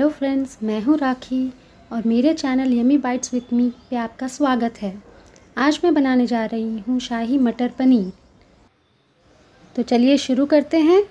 hello friends मैं हूँ राखी और मेरे channel yummy bites with me पे आपका स्वागत है आज मैं बनाने जा रही हूँ शाही मटर पनीर तो चलिए शुरू करते हैं